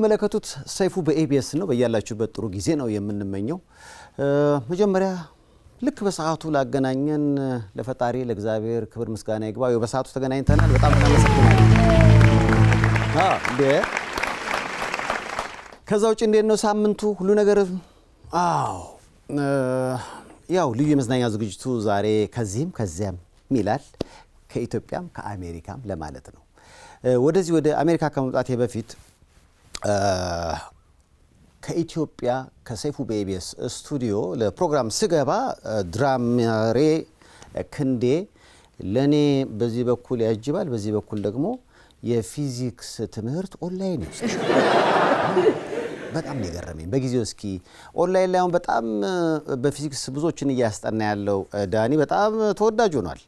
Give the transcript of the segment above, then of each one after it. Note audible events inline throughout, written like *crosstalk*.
የምትመለከቱት ሰይፉ በኤቢኤስ ነው። በያላችሁበት ጥሩ ጊዜ ነው የምንመኘው። መጀመሪያ ልክ በሰዓቱ ላገናኘን ለፈጣሪ ለእግዚአብሔር ክብር ምስጋና ይግባ። በሰዓቱ ተገናኝተናል። በጣም እናመሰግናለን። ከዛ ውጭ እንዴት ነው ሳምንቱ? ሁሉ ነገር? አዎ ያው ልዩ የመዝናኛ ዝግጅቱ ዛሬ ከዚህም ከዚያም ይላል። ከኢትዮጵያም ከአሜሪካም ለማለት ነው። ወደዚህ ወደ አሜሪካ ከመምጣቴ በፊት ከኢትዮጵያ ከሰይፉ በኢቢኤስ ስቱዲዮ ለፕሮግራም ስገባ ድራመሬ ክንዴ ለእኔ በዚህ በኩል ያጅባል፣ በዚህ በኩል ደግሞ የፊዚክስ ትምህርት ኦንላይን በጣም የገረመኝ በጊዜው። እስኪ ኦንላይን ላይ በጣም በፊዚክስ ብዙዎችን እያስጠና ያለው ዳኒ በጣም ተወዳጅ ሆኗል።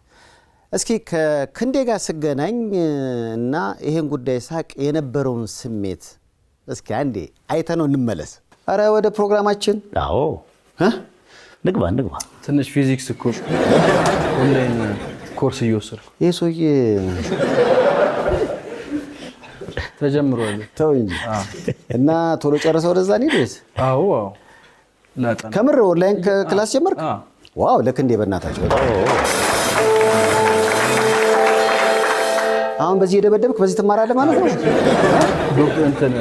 እስኪ ከክንዴ ጋር ስገናኝ እና ይሄን ጉዳይ ሳቅ የነበረውን ስሜት እስኪ አንዴ አይተ ነው እንመለስ። አረ ወደ ፕሮግራማችን። አዎ ንግባ ንግባ። ትንሽ ፊዚክስ እኮ ኦንላይን ኮርስ እየወሰድኩ ይህ ሰውዬ ተጀምሮ ተው እንጂ እና ቶሎ ጨረሰ። ወደዛ እንሂድ ወይስ? ከምር ኦንላይን ክላስ ጀመርክ? ዋው ለክ እንዴ! በእናታቸው አሁን በዚህ የደበደብክ በዚህ ትማራለህ ማለት ነው። እንትን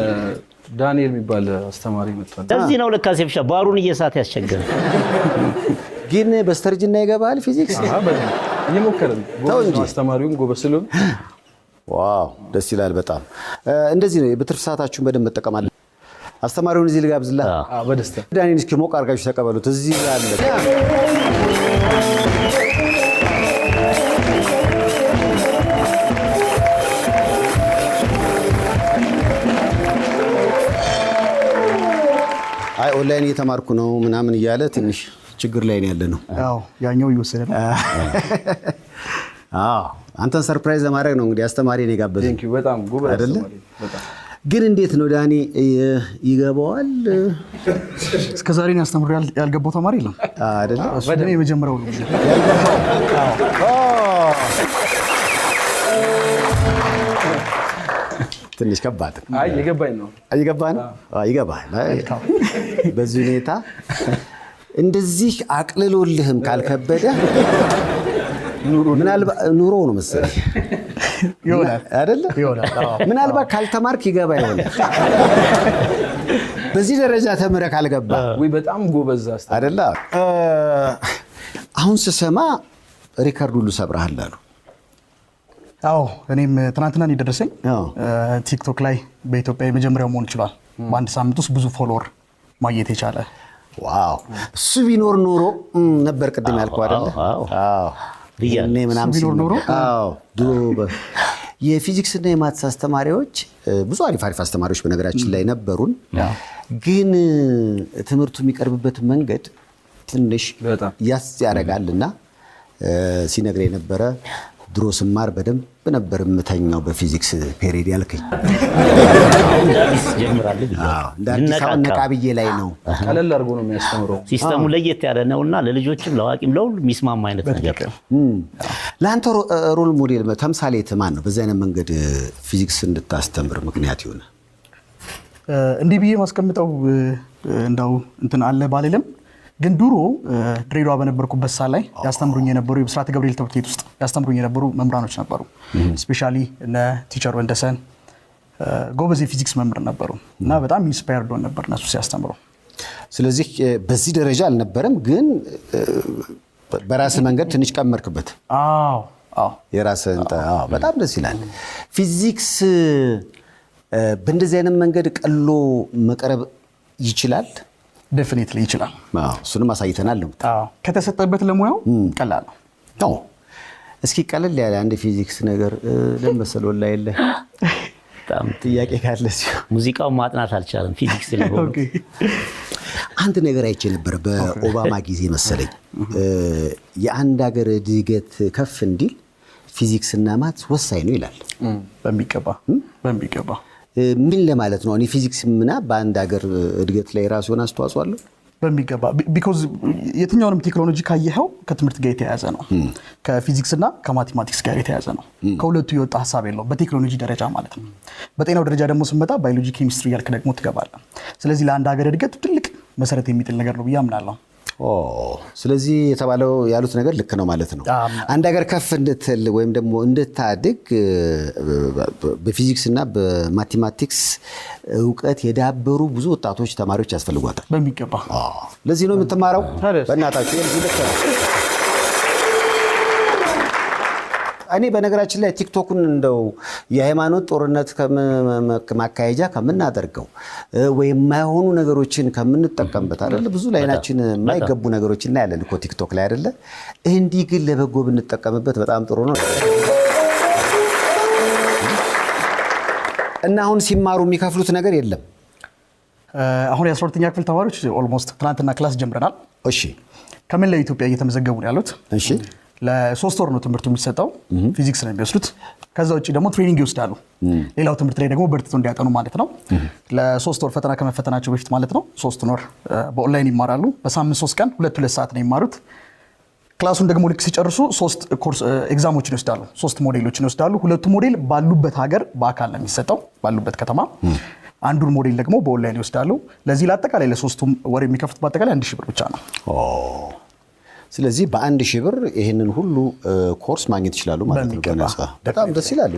ዳንኤል የሚባል አስተማሪ መጥቷል። እዚህ ነው ለካ ሴፍሻ ባሩን እየሳት ያስቸግረን። ግን በስተርጅና ይገባል ፊዚክስ እየሞከርን አስተማሪውም ጎበስሉም። ዋው ደስ ይላል። በጣም እንደዚህ ነው። በትርፍ ሰዓታችሁን በደንብ መጠቀማለ አስተማሪውን እዚህ ልጋብዝላ በደስታ ዳንኤል እስኪ ሞቅ አድርጋችሁ ተቀበሉት። እዚህ አለ አይ ኦንላይን እየተማርኩ ነው ምናምን እያለ ትንሽ ችግር ላይ ያለ ነው። ያኛው እየወሰደ ነው። አንተን ሰርፕራይዝ ለማድረግ ነው እንግዲህ አስተማሪ ነው የጋበዘኝ ግን እንዴት ነው ዳኒ ይገባዋል? እስከ ዛሬ ያስተምር ያልገባው ተማሪ የለም አይደለ? የመጀመሪያው ትንሽ ከባድ እየገባኝ ነው እየገባህ ነው በዚህ ሁኔታ እንደዚህ አቅልሎልህም ካልከበደ ኑሮ ነው መሰለህ አይደለ? ምናልባት ካልተማርክ ይገባ ይሆናል። በዚህ ደረጃ ተምረ ካልገባ በጣም ጎበዝ አይደለ? አሁን ስሰማ ሪከርድ ሁሉ ሰብረሃል አሉ አዎ እኔም ትናንትና ነው የደረሰኝ። ቲክቶክ ላይ በኢትዮጵያ የመጀመሪያው መሆን ይችሏል። በአንድ ሳምንት ውስጥ ብዙ ፎሎወር ማግኘት የቻለ እሱ ቢኖር ኖሮ ነበር ቅድም ያልኩህ አይደለ? ቢኖር ኖሮ የፊዚክስ እና የማትስ አስተማሪዎች ብዙ አሪፍ አሪፍ አስተማሪዎች በነገራችን ላይ ነበሩን። ግን ትምህርቱ የሚቀርብበት መንገድ ትንሽ ያስ ያደርጋል እና ሲነግር የነበረ ድሮ ስማር በደንብ ነበር የምተኛው በፊዚክስ ፔሬድ ያልከኝ ነቃ ብዬ ላይ ነው። ቀለል አድርጎ ነው የሚያስተምረው። ሲስተሙ ለየት ያለ ነው እና ለልጆችም ለአዋቂም ለሁሉ የሚስማማ አይነት ነገር ነው። ለአንተ ሮል ሞዴል ተምሳሌት ማን ነው? በዚህ አይነት መንገድ ፊዚክስ እንድታስተምር ምክንያት ይሆነ እንዲህ ብዬ ማስቀምጠው እንዳው እንትን አለ ባልልም ግን ድሮ ድሬዳዋ በነበርኩበት ሳ ላይ ያስተምሩኝ የነበሩ የብስራተ ገብርኤል ትምህርት ቤት ውስጥ ያስተምሩኝ የነበሩ መምህራኖች ነበሩ። ስፔሻሊ እነ ቲቸር ወንደሰን ጎበዝ የፊዚክስ መምህር ነበሩ እና በጣም ኢንስፓየርድ ሆን ነበር እነሱ ሲያስተምሩ። ስለዚህ በዚህ ደረጃ አልነበረም፣ ግን በራስ መንገድ ትንሽ ቀመርክበት። አዎ አዎ፣ በጣም ደስ ይላል። ፊዚክስ በእንደዚህ አይነት መንገድ ቀሎ መቅረብ ይችላል። ደፍኔትሊ ይችላል። እሱንም አሳይተናል። ከተሰጠበት ለሙያው ቀላል ነው። እስኪ ቀለል ያለ አንድ ፊዚክስ ነገር ለመሰል ወላ የለ በጣም ጥያቄ ካለ ሙዚቃውን ማጥናት አልቻለም። ፊዚክስ አንድ ነገር አይቼ ነበር በኦባማ ጊዜ መሰለኝ የአንድ ሀገር እድገት ከፍ እንዲል ፊዚክስና ማት ወሳኝ ነው ይላል። በሚገባ በሚገባ ምን ለማለት ነው? ፊዚክስ ምና በአንድ ሀገር እድገት ላይ ራሱ የሆነ አስተዋጽኦ አለው በሚገባ ቢኮዝ የትኛውንም ቴክኖሎጂ ካየኸው ከትምህርት ጋር የተያያዘ ነው። ከፊዚክስ እና ከማቴማቲክስ ጋር የተያያዘ ነው። ከሁለቱ የወጣ ሀሳብ የለው በቴክኖሎጂ ደረጃ ማለት ነው። በጤናው ደረጃ ደግሞ ስንመጣ ባዮሎጂ፣ ኬሚስትሪ ያልክ ደግሞ ትገባለህ። ስለዚህ ለአንድ ሀገር እድገት ትልቅ መሰረት የሚጥል ነገር ነው ብዬ አምናለሁ። ስለዚህ የተባለው ያሉት ነገር ልክ ነው ማለት ነው። አንድ ሀገር ከፍ እንድትል ወይም ደግሞ እንድታድግ በፊዚክስ እና በማቴማቲክስ እውቀት የዳበሩ ብዙ ወጣቶች ተማሪዎች ያስፈልጓታል በሚገባ። ለዚህ ነው የምትማረው በእናታችሁ እኔ በነገራችን ላይ ቲክቶኩን እንደው የሃይማኖት ጦርነት ማካሄጃ ከምናደርገው ወይም የማይሆኑ ነገሮችን ከምንጠቀምበት አይደለ ብዙ ላይናችን የማይገቡ ነገሮች እናያለን እኮ ቲክቶክ ላይ አይደለ። እንዲህ ግን ለበጎ ብንጠቀምበት በጣም ጥሩ ነው እና አሁን ሲማሩ የሚከፍሉት ነገር የለም። አሁን የአስራ ሁለተኛ ክፍል ተማሪዎች ኦልሞስት ትናንትና ክላስ ጀምረናል። እሺ ከምን ለኢትዮጵያ እየተመዘገቡ ነው ያሉት። እሺ ለሶስት ወር ነው ትምህርቱ የሚሰጠው። ፊዚክስ ነው የሚወስዱት። ከዛ ውጭ ደግሞ ትሬኒንግ ይወስዳሉ። ሌላው ትምህርት ላይ ደግሞ በርትቶ እንዲያጠኑ ማለት ነው። ለሶስት ወር ፈተና ከመፈተናቸው በፊት ማለት ነው። ሶስት ወር በኦንላይን ይማራሉ። በሳምንት ሶስት ቀን ሁለት ሁለት ሰዓት ነው የሚማሩት። ክላሱን ደግሞ ልክ ሲጨርሱ ሶስት ኤግዛሞችን ይወስዳሉ። ሶስት ሞዴሎችን ይወስዳሉ። ሁለቱ ሞዴል ባሉበት ሀገር በአካል ነው የሚሰጠው ባሉበት ከተማ አንዱን ሞዴል ደግሞ በኦንላይን ይወስዳሉ። ለዚህ ለአጠቃላይ ለሶስቱም ወር የሚከፍሉት በአጠቃላይ አንድ ሺህ ብር ብቻ ነው። ስለዚህ በአንድ ሺህ ብር ይህንን ሁሉ ኮርስ ማግኘት ይችላሉ ማለት ነው። በጣም ደስ ይላል።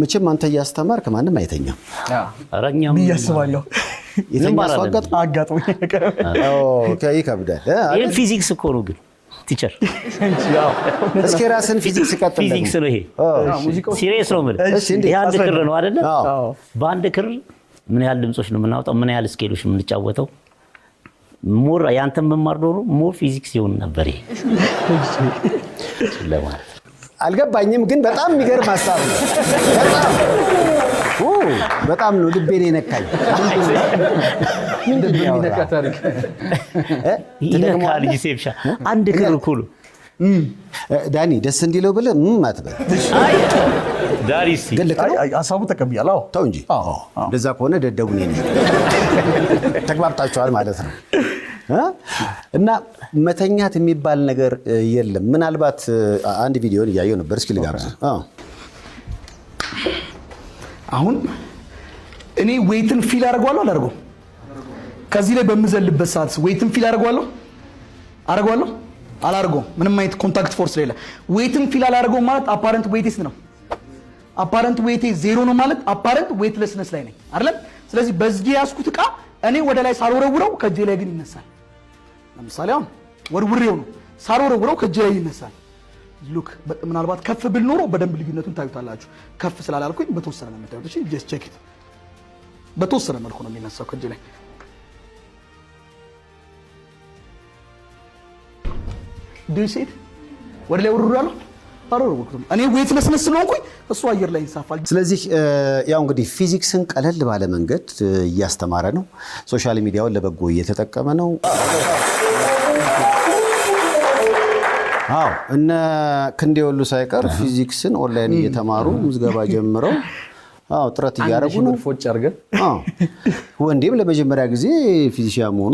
መቼም አንተ እያስተማርክ ማንም አይተኛም እያስባለሁ ይከብዳል። ፊዚክስ እኮ ነው ግን ቲቸር እስኪ ራስን ፊዚክስ ቀጥል። ፊዚክስ ነው ይሄ፣ ሲሪየስ ነው የምልህ። ይህ አንድ ክር ነው አይደለም? በአንድ ክር ምን ያህል ድምጾች ነው የምናወጣው፣ ምን ያህል ስኬሎች ነው የምንጫወተው ሞር ያንተን መማር ዶሮ ሞር ፊዚክስ ይሆን ነበር ለማለት አልገባኝም፣ ግን በጣም የሚገርም ሀሳብ ነው። በጣም ነው ልቤን የነካኝ። ይነካል ሴብሻ አንድ ክርኩሉ ዳኒ ደስ እንዲለው ብለህ አትበል። ሀሳቡ ተቀብያለሁ። ተው እንጂ እንደዛ ከሆነ ደደቡ እኔ ነኝ። *laughs* ተግባብታችኋል ማለት ነው። እና መተኛት የሚባል ነገር የለም። ምናልባት አንድ ቪዲዮን እያየው ነበር። እስኪ ልጋብዝህ። አሁን እኔ ዌይትን ፊል አደርገዋለሁ አላደርገውም? ከዚህ ላይ በምዘልበት ሰዓት ዌይትን ፊል አደርገዋለሁ አደርገዋለሁ አላደርገውም? ምንም አይነት ኮንታክት ፎርስ ሌላ ዌይትን ፊል አላደርገውም ማለት አፓረንት ዌይት ነው። አፓረንት ዌቴ ዜሮ ነው ማለት አፓረንት ዌትለስነስ ላይ ነኝ አይደለም። ስለዚህ በዚህ ያስኩት እቃ እኔ ወደ ላይ ሳልወረውረው ከእጄ ላይ ግን ይነሳል። ለምሳሌ አሁን ወርውሬው ነው ሳልወረውረው ከእጄ ላይ ይነሳል። ሉክ ምናልባት ከፍ ብል ኖሮ በደንብ ልዩነቱን ታዩታላችሁ። ከፍ ስላላልኩኝ በተወሰነ ነው የምታዩት። እሺ ጀስት ቼክ ኢት። በተወሰነ መልኩ ነው የሚነሳው ከእጄ ላይ ዱሴት ወደ ላይ ወርውራለሁ አላወቅኩም። እኔ ዌት ለስለስ ስለሆንኩኝ እሱ አየር ላይ ይንሳፋል። ስለዚህ ያው እንግዲህ ፊዚክስን ቀለል ባለ መንገድ እያስተማረ ነው። ሶሻል ሚዲያውን ለበጎ እየተጠቀመ ነው። አዎ እነ ክንዴ ወሉ ሳይቀር ፊዚክስን ኦንላይን እየተማሩ ምዝገባ ጀምረው አዎ ጥረት እያደረጉ ነው። ፎጭ አድርገን ወንዴም ለመጀመሪያ ጊዜ ፊዚሽያ መሆኑ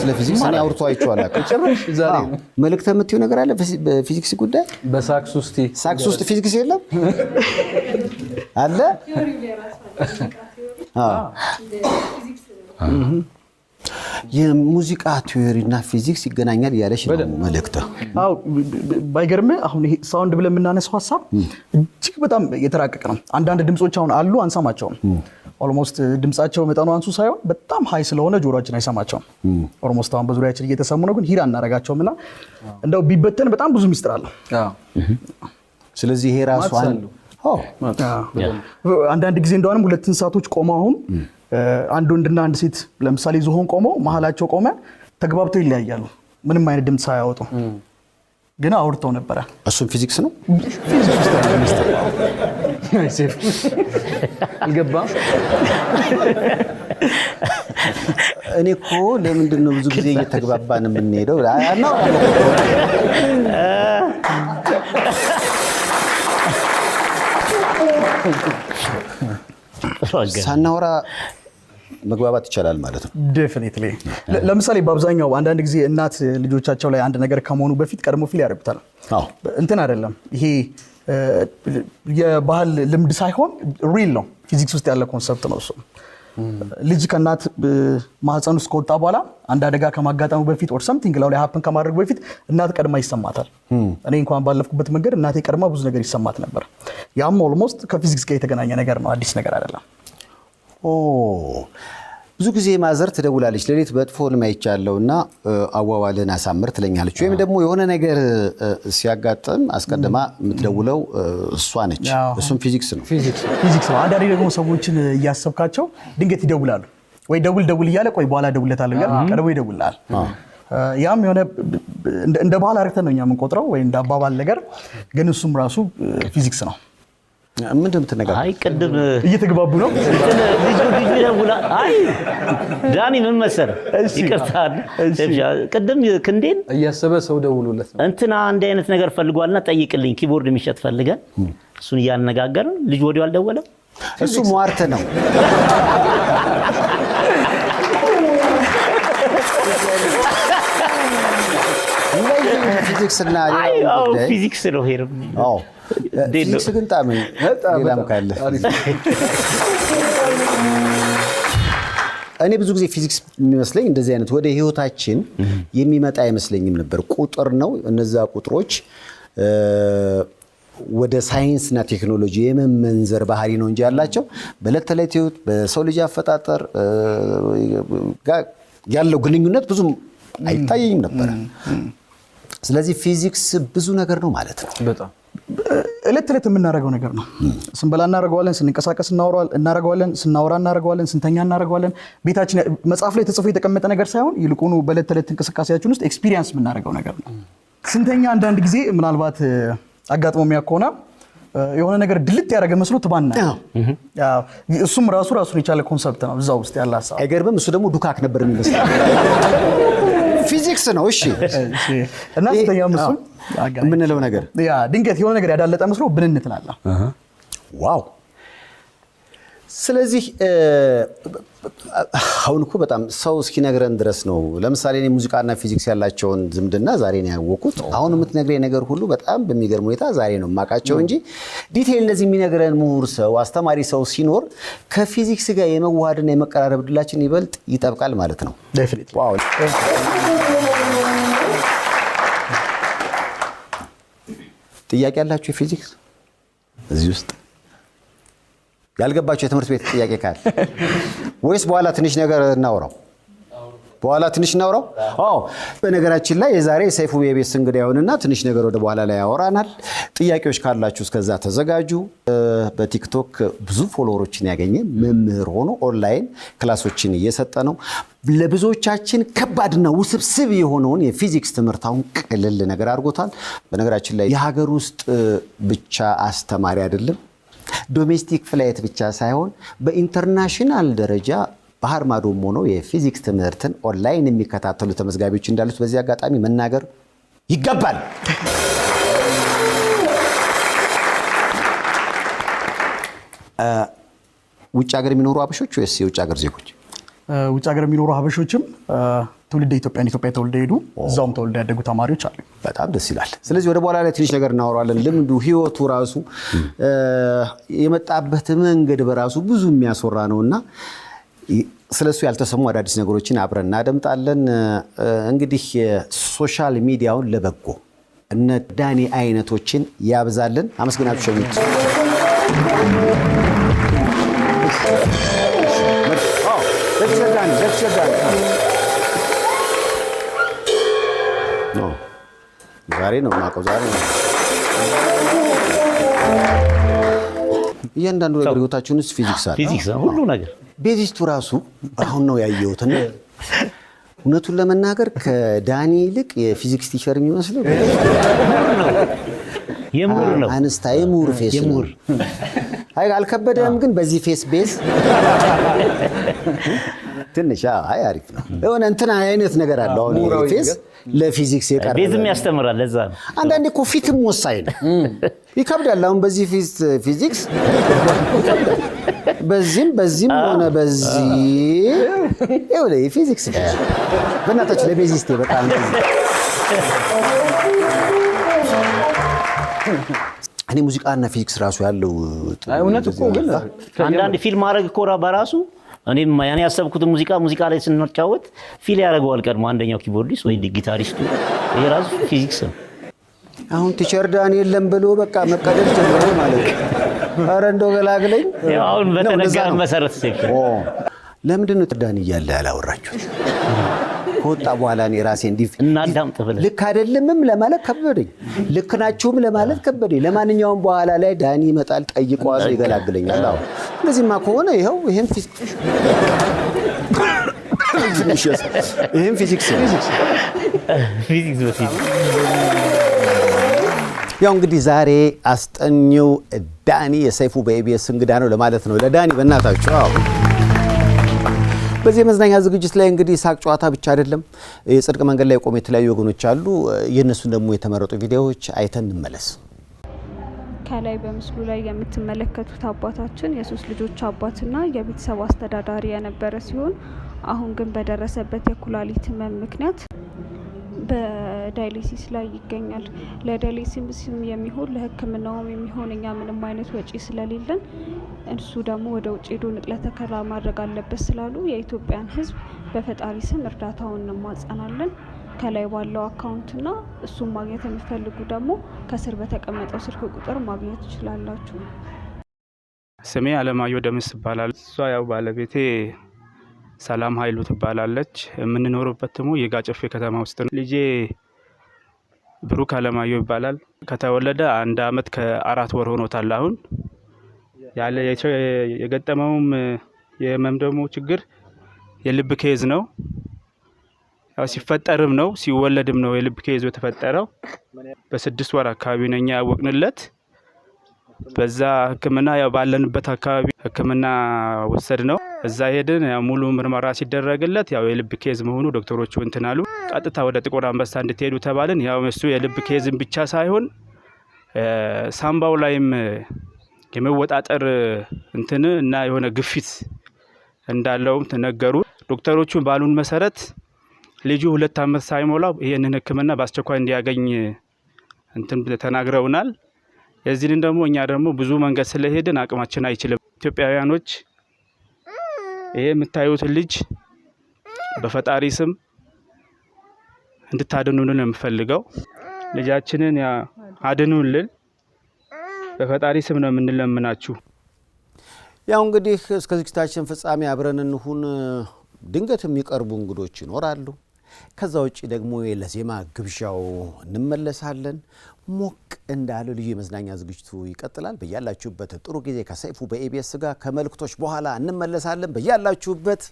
ስለ ፊዚክስ እኔ አውርቶ አይቼዋለሁ። መልዕክተ የምትይው ነገር አለ በፊዚክስ ጉዳይ? በሳክስ ውስጥ ሳክስ ውስጥ ፊዚክስ የለም አለ የሙዚቃ እና ፊዚክስ ይገናኛል ያለሽ መልእክት። ባይገርም አሁን ይሄ ሳውንድ ብለን የምናነሳው ሀሳብ እጅግ በጣም የተራቀቀ ነው። አንዳንድ ድምፆች አሁን አሉ አንሰማቸውም። ኦልሞስት ድምፃቸው መጠኑ አንሱ ሳይሆን በጣም ሀይ ስለሆነ ጆሮችን አይሰማቸውም። ኦልሞስት አሁን በዙሪያችን እየተሰሙ ነው፣ ግን ሂድ አናረጋቸውም እና እንደው ቢበተን በጣም ብዙ ሚስጥር አለው። ስለዚህ ይሄ ራሱ አንዳንድ ጊዜ እንደሆነም ሁለት እንስሳቶች ቆመ አሁን አንድ ወንድና አንድ ሴት ለምሳሌ ዝሆን ቆመው መሀላቸው ቆመ፣ ተግባብተው ይለያያሉ። ምንም አይነት ድምፅ ሳያወጡ ግን አውርተው ነበረ። እሱም ፊዚክስ ነው። አልገባም። እኔ እኮ ለምንድን ነው ብዙ ጊዜ እየተግባባን የምንሄደው? ሳናወራ መግባባት ይቻላል ማለት ነው። ዴፊኒትሊ ለምሳሌ በአብዛኛው አንዳንድ ጊዜ እናት ልጆቻቸው ላይ አንድ ነገር ከመሆኑ በፊት ቀድሞ ፊል ያደርጉታል። እንትን አይደለም ይሄ የባህል ልምድ ሳይሆን ሪል ነው። ፊዚክስ ውስጥ ያለ ኮንሰፕት ነው እሱ። ልጅ ከእናት ማህፀን ውስጥ ከወጣ በኋላ አንድ አደጋ ከማጋጠሙ በፊት ኦር ሰምቲንግ ላይ ሀፕን ከማድረጉ በፊት እናት ቀድማ ይሰማታል። hmm. እኔ እንኳን ባለፍኩበት መንገድ እናቴ ቀድማ ብዙ ነገር ይሰማት ነበር። ያም ኦልሞስት ከፊዚክስ ጋር የተገናኘ ነገር ነው፣ አዲስ ነገር አይደለም። ብዙ ጊዜ ማዘር ትደውላለች። ሌሊት በጥፎ ህልም አይቻለሁ እና አዋዋልን አሳምር ትለኛለች። ወይም ደግሞ የሆነ ነገር ሲያጋጥም አስቀድማ የምትደውለው እሷ ነች። እሱም ፊዚክስ ነው ፊዚክስ ነው። አንዳንዴ ደግሞ ሰዎችን እያሰብካቸው ድንገት ይደውላሉ። ወይ ደውል ደውል እያለ ቆይ በኋላ እደውልለታለሁ እያለ ቀድሞ ይደውልሃል። ያም የሆነ እንደ ባህል አረግተን ነው እኛ የምንቆጥረው ወይ እንደ አባባል ነገር፣ ግን እሱም ራሱ ፊዚክስ ነው። ምንድን የምትነጋገር? አይ ቅድም እየተግባቡ ነው። ልጁ ልጁ ደውላ አይ ዳኒ ምን መሰለህ፣ ይቅርታ ቅድም ክንዴን እያሰበ ሰው ደውሎለት ነው እንትና አንድ አይነት ነገር ፈልጓልና ጠይቅልኝ፣ ኪቦርድ የሚሸጥ ፈልገን እሱን እያነጋገርን ልጁ ወዲያው አልደወለም። እሱ ሟርት ነው። ፊዚክስ እና ፊዚክስ ነው ሄርም ፊዚክስ ግን ጣም ሌላም ካለ እኔ ብዙ ጊዜ ፊዚክስ የሚመስለኝ እንደዚህ አይነት ወደ ህይወታችን የሚመጣ አይመስለኝም ነበር። ቁጥር ነው። እነዛ ቁጥሮች ወደ ሳይንስና ቴክኖሎጂ የመመንዘር ባህሪ ነው እንጂ ያላቸው በዕለት ተዕለት ህይወት በሰው ልጅ አፈጣጠር ያለው ግንኙነት ብዙም አይታየኝም ነበረ። ስለዚህ ፊዚክስ ብዙ ነገር ነው ማለት ነው። በጣም እለት እለት የምናደርገው ነገር ነው። ስንበላ እናደርገዋለን፣ ስንንቀሳቀስ እናደርገዋለን፣ ስናወራ እናደርገዋለን፣ ስንተኛ እናደርገዋለን። ቤታችን መጽሐፍ ላይ ተጽፎ የተቀመጠ ነገር ሳይሆን ይልቁኑ በእለት እለት እንቅስቃሴያችን ውስጥ ኤክስፒሪየንስ የምናደርገው ነገር ነው። ስንተኛ አንዳንድ ጊዜ ምናልባት አጋጥሞ የሚያከሆና የሆነ ነገር ድልት ያደረገ መስሎ ትባና እሱም ራሱ ራሱን የቻለ ኮንሰፕት ነው እዛ ውስጥ ያለ ሀሳብ አይገርምም። እሱ ደግሞ ዱካክ ነበር የሚመስለው ፊዚክስ ነው። እሺ እና ስተኛ ምስሉ የምንለው ነገር ድንገት የሆነ ነገር ያዳለጠ ምስሎ ብንን ትላለህ። ዋው ስለዚህ አሁን እኮ በጣም ሰው እስኪነግረን ድረስ ነው። ለምሳሌ እኔ ሙዚቃና ፊዚክስ ያላቸውን ዝምድና ዛሬ ነው ያወቁት። አሁን የምትነግረኝ ነገር ሁሉ በጣም በሚገርም ሁኔታ ዛሬ ነው የማውቃቸው እንጂ ዲቴይል እንደዚህ የሚነግረን ምሁር ሰው፣ አስተማሪ ሰው ሲኖር ከፊዚክስ ጋር የመዋሃድና የመቀራረብ ድላችን ይበልጥ ይጠብቃል ማለት ነው። ጥያቄ ያላችሁ የፊዚክስ እዚህ ውስጥ ያልገባቸው የትምህርት ቤት ጥያቄ ካለ ወይስ በኋላ ትንሽ ነገር እናውረው? በኋላ ትንሽ እናውራው። አዎ፣ በነገራችን ላይ የዛሬ ሰይፉ የቤት እንግዳ ይሆንና ትንሽ ነገር ወደ በኋላ ላይ ያወራናል። ጥያቄዎች ካላችሁ እስከዛ ተዘጋጁ። በቲክቶክ ብዙ ፎሎወሮችን ያገኘ መምህር ሆኖ ኦንላይን ክላሶችን እየሰጠ ነው። ለብዙዎቻችን ከባድና ውስብስብ የሆነውን የፊዚክስ ትምህርት አሁን ቅልል ነገር አድርጎታል። በነገራችን ላይ የሀገር ውስጥ ብቻ አስተማሪ አይደለም ዶሜስቲክ ፍላይት ብቻ ሳይሆን በኢንተርናሽናል ደረጃ ባህር ማዶም ሆኖ የፊዚክስ ትምህርትን ኦንላይን የሚከታተሉ ተመዝጋቢዎች እንዳሉት በዚህ አጋጣሚ መናገር ይገባል። ውጭ ሀገር የሚኖሩ አበሾች ወይስ የውጭ ሀገር ዜጎች? ውጭ ሀገር የሚኖሩ ሀበሾችም ትውልደ ኢትዮጵያን ኢትዮጵያ ተወልደ ሄዱ እዛውም ተወልደ ያደጉ ተማሪዎች አሉ። በጣም ደስ ይላል። ስለዚህ ወደ በኋላ ላይ ትንሽ ነገር እናወራለን። ልምዱ፣ ህይወቱ ራሱ የመጣበት መንገድ በራሱ ብዙ የሚያስወራ ነው እና ስለሱ ያልተሰሙ አዳዲስ ነገሮችን አብረን እናደምጣለን። እንግዲህ ሶሻል ሚዲያውን ለበጎ እነ ዳኒ አይነቶችን ያብዛልን። አመስግናችሁ ሸሚት Zachrzegani, zachrzegani. No. ዛሬ ነው የማውቀው። ዛሬ ነው እያንዳንዱ ነገር ህይወታችን ፊዚክስ አለ። ፊዚክስ ነው ሁሉ ነገር። ቤዚስቱ ራሱ አሁን ነው ያየሁትና እውነቱን ለመናገር ከዳኒ ይልቅ የፊዚክስ ቲቸር የሚመስለው የምሁር ነው። አንስታይ ምሁር ፌስ ነው። አይ አልከበደም፣ ግን በዚህ ፌስ ቤዝ ትንሽ አይ አሪፍ ነው። የሆነ እንትን አይነት ነገር አለ። አሁን ፌስ ለፊዚክስ የቀረ ቤዝም ያስተምራል። ለዛ ነው አንዳንዴ እኮ ፊትም ወሳኝ ነው። ይከብዳል። አሁን በዚህ ፊዚክስ በዚህም በዚህም ሆነ በዚህ ይኸውልህ ፊዚክስ በእናታችሁ ለቤዚስቴ በጣም እኔ ሙዚቃና ፊዚክስ ራሱ ያለው እውነት እኮ ግን አንዳንድ ፊልም ማድረግ እኮ በራሱ እኔም ያኔ ያሰብኩትን ሙዚቃ ሙዚቃ ላይ ስንጫወት ፊል ያደርገዋል። ቀድሞ አንደኛው ኪቦርዲስት ወይ ጊታሪስቱ ይሄ ራሱ ፊዚክስ ነው። አሁን ቲቸር ዳን የለም ብሎ በቃ መቀደል ጀምሮ ማለት ነው። ኧረ እንደው ገላግለኝ። አሁን በተነጋ መሰረት ሴክሽን ለምንድን ነው ዳን እያለ ያላወራችሁት? ከወጣ በኋላ እኔ ራሴ እንዲህ ልክ አይደለምም ለማለት ከበደኝ፣ ልክ ናችሁም ለማለት ከበደኝ። ለማንኛውም በኋላ ላይ ዳኒ ይመጣል፣ ጠይቀዋለሁ፣ ይገላግለኛል። አዎ እንደዚህማ ከሆነ ይኸው ይህም ፊዚክስ ያው እንግዲህ ዛሬ አስጠኚው ዳኒ የሰይፉ በኢቢኤስ እንግዳ ነው ለማለት ነው። ለዳኒ በእናታችሁ በዚህ የመዝናኛ ዝግጅት ላይ እንግዲህ ሳቅ ጨዋታ ብቻ አይደለም። የጽድቅ መንገድ ላይ የቆሙ የተለያዩ ወገኖች አሉ። የእነሱን ደግሞ የተመረጡ ቪዲዮዎች አይተን እንመለስ። ከላይ በምስሉ ላይ የምትመለከቱት አባታችን የሶስት ልጆች አባትና የቤተሰብ አስተዳዳሪ የነበረ ሲሆን አሁን ግን በደረሰበት የኩላሊት ህመም ምክንያት በዳይሊሲስ ላይ ይገኛል። ለዳይሊሲስም የሚሆን ለሕክምናውም የሚሆን እኛ ምንም አይነት ወጪ ስለሌለን እሱ ደግሞ ወደ ውጭ ሄዶ ንቅለ ተከላ ማድረግ አለበት ስላሉ የኢትዮጵያን ሕዝብ በፈጣሪ ስም እርዳታውን እንማጸናለን። ከላይ ባለው አካውንትና እሱን ማግኘት የሚፈልጉ ደግሞ ከስር በተቀመጠው ስልክ ቁጥር ማግኘት ትችላላችሁ። ስሜ አለማየሁ ደምስ ይባላል። እሷ ያው ባለቤቴ ሰላም ሀይሉ ትባላለች። የምንኖርበት ደግሞ የጋጨፌ ከተማ ውስጥ ነው። ልጄ ብሩክ አለማየሁ ይባላል። ከተወለደ አንድ አመት ከአራት ወር ሆኖታል። አሁን ያለ የገጠመውም የህመም ደግሞ ችግር የልብ ኬዝ ነው። ያው ሲፈጠርም ነው ሲወለድም ነው የልብ ኬዝ የተፈጠረው። በስድስት ወር አካባቢ ነኛ ያወቅንለት በዛ ህክምና ያው ባለንበት አካባቢ ህክምና ወሰድ ነው። እዛ ሄድን ሙሉ ምርመራ ሲደረግለት ያው የልብ ኬዝ መሆኑ ዶክተሮቹ እንትን አሉ። ቀጥታ ወደ ጥቁር አንበሳ እንድትሄዱ ተባልን። ያው እሱ የልብ ኬዝን ብቻ ሳይሆን ሳምባው ላይም የመወጣጠር እንትን እና የሆነ ግፊት እንዳለውም ተነገሩ። ዶክተሮቹ ባሉን መሰረት ልጁ ሁለት ዓመት ሳይሞላው ይህንን ህክምና በአስቸኳይ እንዲያገኝ እንትን ተናግረውናል። የዚህን ደግሞ እኛ ደግሞ ብዙ መንገድ ስለሄድን አቅማችን አይችልም። ኢትዮጵያውያኖች ይሄ የምታዩትን ልጅ በፈጣሪ ስም እንድታድኑልን የምፈልገው ልጃችንን አድኑልን። በፈጣሪ ስም ነው የምንለምናችሁ። ያው እንግዲህ እስከ ዝግጅታችን ፍጻሜ አብረን እንሁን። ድንገት የሚቀርቡ እንግዶች ይኖራሉ። ከዛ ውጭ ደግሞ ለዜማ ግብዣው እንመለሳለን። ሞቅ እንዳለ ልዩ የመዝናኛ ዝግጅቱ ይቀጥላል። በያላችሁበት ጥሩ ጊዜ ከሰይፉ በኤቢኤስ ጋር ከመልእክቶች በኋላ እንመለሳለን። በያላችሁበት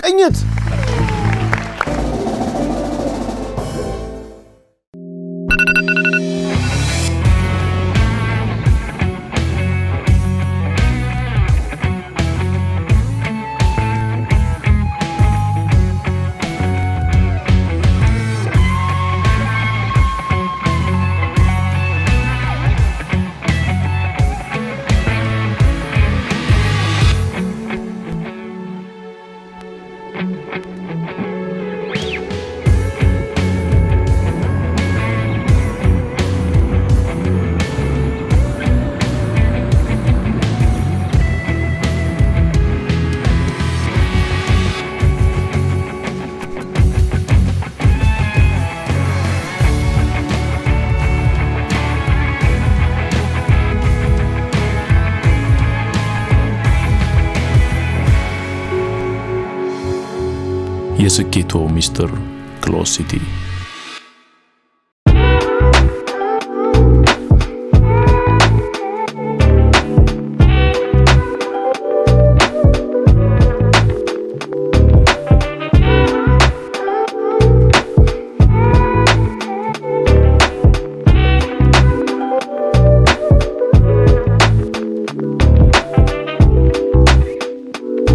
ቅኝት የስኬቶ ሚስጥር ክሎሲቲ